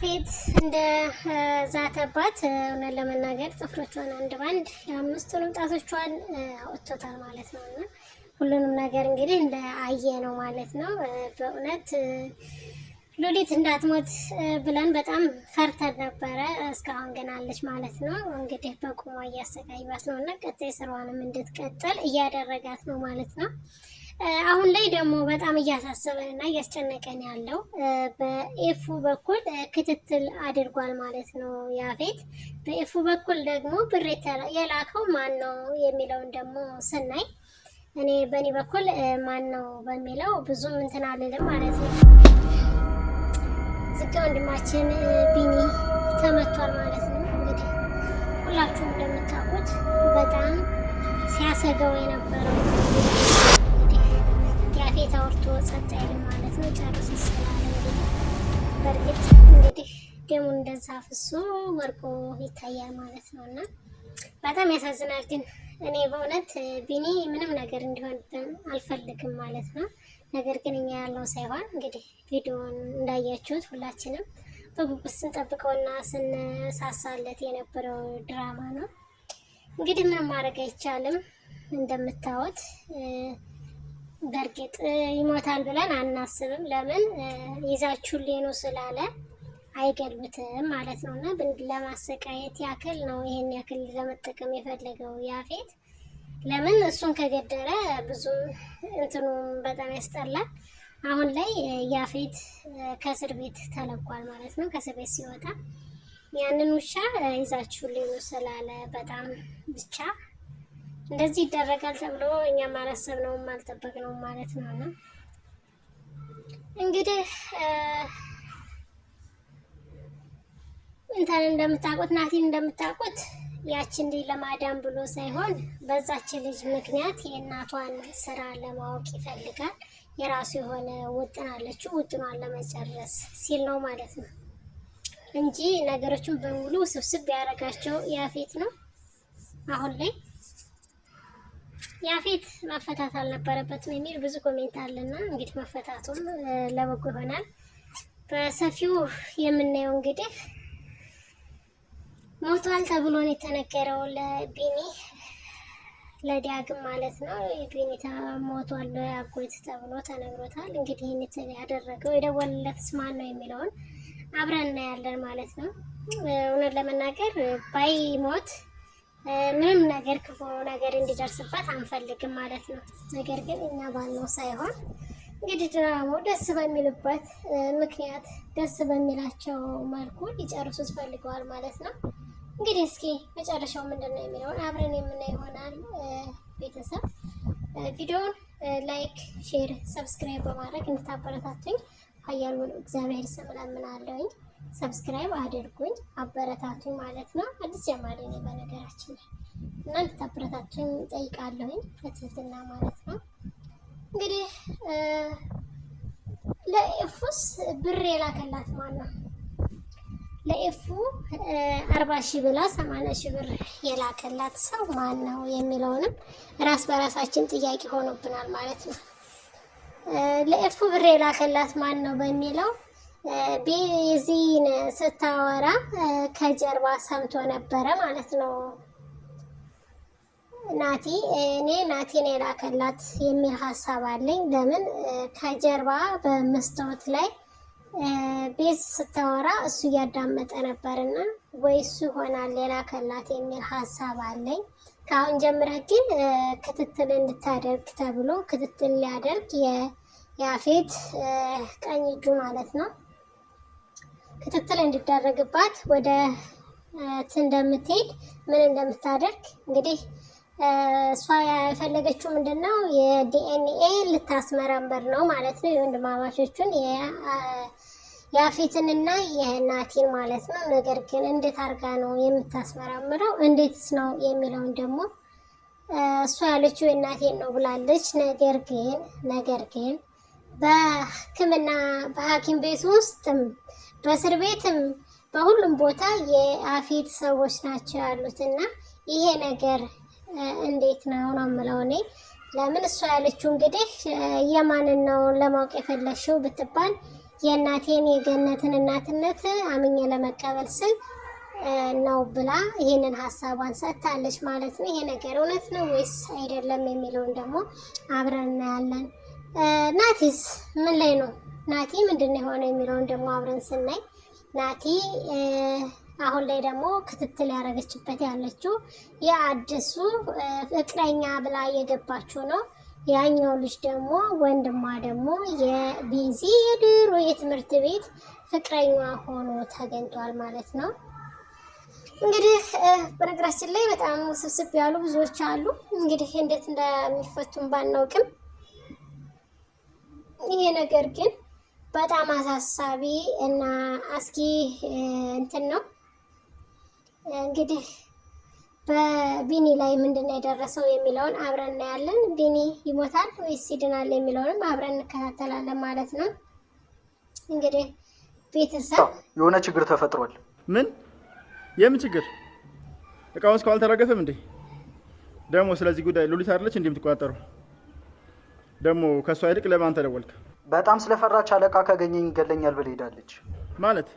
ያፌት እንደ ዛተባት እውነት ለመናገር ጥፍሮቿን አንድ ባንድ የአምስቱንም ጣቶቿን አውጥቶታል ማለት ነው። እና ሁሉንም ነገር እንግዲህ እንደ አየ ነው ማለት ነው። በእውነት ሉሊት እንዳትሞት ብለን በጣም ፈርተን ነበረ። እስካሁን ግን አለች ማለት ነው። እንግዲህ በቁሟ እያሰቃይባት ነው እና ቀጣይ ስራዋንም እንድትቀጥል እያደረጋት ነው ማለት ነው። አሁን ላይ ደግሞ በጣም እያሳሰበን እና እያስጨነቀን ያለው በኤፉ በኩል ክትትል አድርጓል ማለት ነው ያፌት። በኤፉ በኩል ደግሞ ብር የላከው ማን ነው የሚለውን ደግሞ ስናይ እኔ በእኔ በኩል ማን ነው በሚለው ብዙም እንትን አልልም ማለት ነው። ዝቅ ወንድማችን ቢኒ ተመቷል ማለት ነው። እንግዲህ ሁላችሁም እንደምታውቁት በጣም ሲያሰገው የነበረው ግዴታ ወርቶ ጸጥ አይልም ማለት ነው። ጨርስ ይሰላል። በእርግጥ እንግዲህ ደሙ እንደዛ ፍሶ ወርቆ ይታያል ማለት ነው እና በጣም ያሳዝናል። ግን እኔ በእውነት ቢኒ ምንም ነገር እንዲሆንብን አልፈልግም ማለት ነው። ነገር ግን እኛ ያለው ሳይሆን እንግዲህ ቪዲዮን እንዳያችሁት ሁላችንም በጉጉት ስንጠብቀውና ስንሳሳለት የነበረው ድራማ ነው። እንግዲህ ምንም ማድረግ አይቻልም እንደምታዩት በእርግጥ ይሞታል ብለን አናስብም። ለምን ይዛችሁልኝ ነው ስላለ አይገልብትም ማለት ነው። እና ብንድ ለማሰቃየት ያክል ነው ይሄን ያክል ለመጠቀም የፈለገው ያፌት። ለምን እሱን ከገደለ ብዙ እንትኑ በጣም ያስጠላል። አሁን ላይ ያፌት ከእስር ቤት ተለቋል ማለት ነው። ከእስር ቤት ሲወጣ ያንን ውሻ ይዛችሁልኝ ነው ስላለ በጣም ብቻ እንደዚህ ይደረጋል ተብሎ እኛም አላሰብነውም አልጠበቅነውም ማለት ነው። እና እንግዲህ እንትን እንደምታውቁት ናቲን እንደምታውቁት ያችን ልጅ ለማዳን ብሎ ሳይሆን በዛች ልጅ ምክንያት የእናቷን ስራ ለማወቅ ይፈልጋል። የራሱ የሆነ ውጥን አለችው። ውጥኗን ለመጨረስ ሲል ነው ማለት ነው እንጂ ነገሮችን በሙሉ ስብስብ ያደረጋቸው ያፌት ነው አሁን ላይ ያፌት መፈታት አልነበረበትም የሚል ብዙ ኮሜንት አለና እንግዲህ መፈታቱም ለበጎ ይሆናል። በሰፊው የምናየው እንግዲህ ሞቷል ተብሎ ነው የተነገረው ለቢኒ ለዲያግም ማለት ነው። ቢኒ ሞቷል አጎት ተብሎ ተነግሮታል። እንግዲህ ይህን ያደረገው የደወለለትስ ማን ነው የሚለውን አብረን እናያለን ማለት ነው። እውነት ለመናገር ባይ ሞት ምንም ነገር ክፉ ነገር እንዲደርስበት አንፈልግም ማለት ነው። ነገር ግን እኛ ባልነው ሳይሆን እንግዲህ ድራማው ደስ በሚልበት ምክንያት ደስ በሚላቸው መልኩ ሊጨርሱት ፈልገዋል ማለት ነው። እንግዲህ እስኪ መጨረሻው ምንድን ነው የሚለውን አብረን የምናይ ይሆናል። ቤተሰብ ቪዲዮውን ላይክ፣ ሼር፣ ሰብስክራይብ በማድረግ እንድታበረታቱኝ አያሉ እግዚአብሔር ስም እለምናለሁኝ። ሰብስክራይብ አድርጉኝ አበረታቱኝ ማለት ነው። አዲስ ጀማሪ ነው በነገራችን ላይ እና እንድታበረታቱኝ ጠይቃለሁኝ በትህትና ማለት ነው። እንግዲህ ለኤፉስ ብር የላከላት ማን ነው? ለኤፉ አርባ ሺህ ብላ ሰማንያ ሺህ ብር የላከላት ሰው ማን ነው የሚለውንም ራስ በራሳችን ጥያቄ ሆኖብናል ማለት ነው። ለኤፉ ብር የላከላት ማን ነው በሚለው ቤዚን ስታወራ ከጀርባ ሰምቶ ነበረ ማለት ነው። ናቲ እኔ ናቲን የላከላት የሚል ሀሳብ አለኝ። ለምን ከጀርባ በመስታወት ላይ ቤዝ ስታወራ እሱ እያዳመጠ ነበርና ወይ እሱ ይሆናል የላከላት የሚል ሀሳብ አለኝ። ከአሁን ጀምረህ ግን ክትትል እንድታደርግ ተብሎ ክትትል ሊያደርግ የአፌት ቀኝ እጁ ማለት ነው ክትትል እንዲደረግባት ወደ እንደምትሄድ ምን እንደምታደርግ እንግዲህ እሷ የፈለገችው ምንድን ነው የዲኤንኤ ልታስመረምር ነው ማለት ነው። የወንድማማቾቹን የአፌትንና የናቲን ማለት ነው። ነገር ግን እንዴት አድርጋ ነው የምታስመረምረው? እንዴትስ ነው የሚለውን ደግሞ እሷ ያለችው የእናቴን ነው ብላለች። ነገር ግን ነገር ግን በሕክምና በሐኪም ቤት ውስጥ በእስር ቤትም በሁሉም ቦታ የአፌት ሰዎች ናቸው ያሉት እና ይሄ ነገር እንዴት ነው ነው የምለው እኔ። ለምን እሷ ያለችው እንግዲህ የማንን ነው ለማወቅ የፈለግሽው ብትባል የእናቴን የገነትን እናትነት አምኜ ለመቀበል ስል ነው ብላ ይህንን ሀሳቧን ሰጥታለች ማለት ነው። ይሄ ነገር እውነት ነው ወይስ አይደለም የሚለውን ደግሞ አብረን እናያለን። ናቲስ ምን ላይ ነው? ናቲ ምንድን ነው የሆነ የሚለውን ደግሞ አብረን ስናይ ናቲ አሁን ላይ ደግሞ ክትትል ያደረገችበት ያለችው የአዲሱ ፍቅረኛ ብላ እየገባችው ነው። ያኛው ልጅ ደግሞ ወንድሟ ደግሞ የቢዚ የድሮ የትምህርት ቤት ፍቅረኛ ሆኖ ተገኝቷል ማለት ነው። እንግዲህ በነገራችን ላይ በጣም ውስብስብ ያሉ ብዙዎች አሉ። እንግዲህ እንዴት እንደሚፈቱም ባናውቅም ይሄ ነገር ግን በጣም አሳሳቢ እና አስጊ እንትን ነው። እንግዲህ በቢኒ ላይ ምንድን ነው የደረሰው የሚለውን አብረን እናያለን። ቢኒ ይሞታል ወይስ ይድናል የሚለውንም አብረን እንከታተላለን ማለት ነው። እንግዲህ ቤተሰብ የሆነ ችግር ተፈጥሯል። ምን የምን ችግር? እቃውስ አልተራገፈም እንዴ? ደግሞ ስለዚህ ጉዳይ ሉሊት አይደለች እንዲህ የምትቆጣጠረው ደግሞ ከእሷ ይልቅ ለማን ተደወልክ? በጣም ስለፈራች አለቃ ካገኘኝ ይገለኛል ብል ሄዳለች ማለት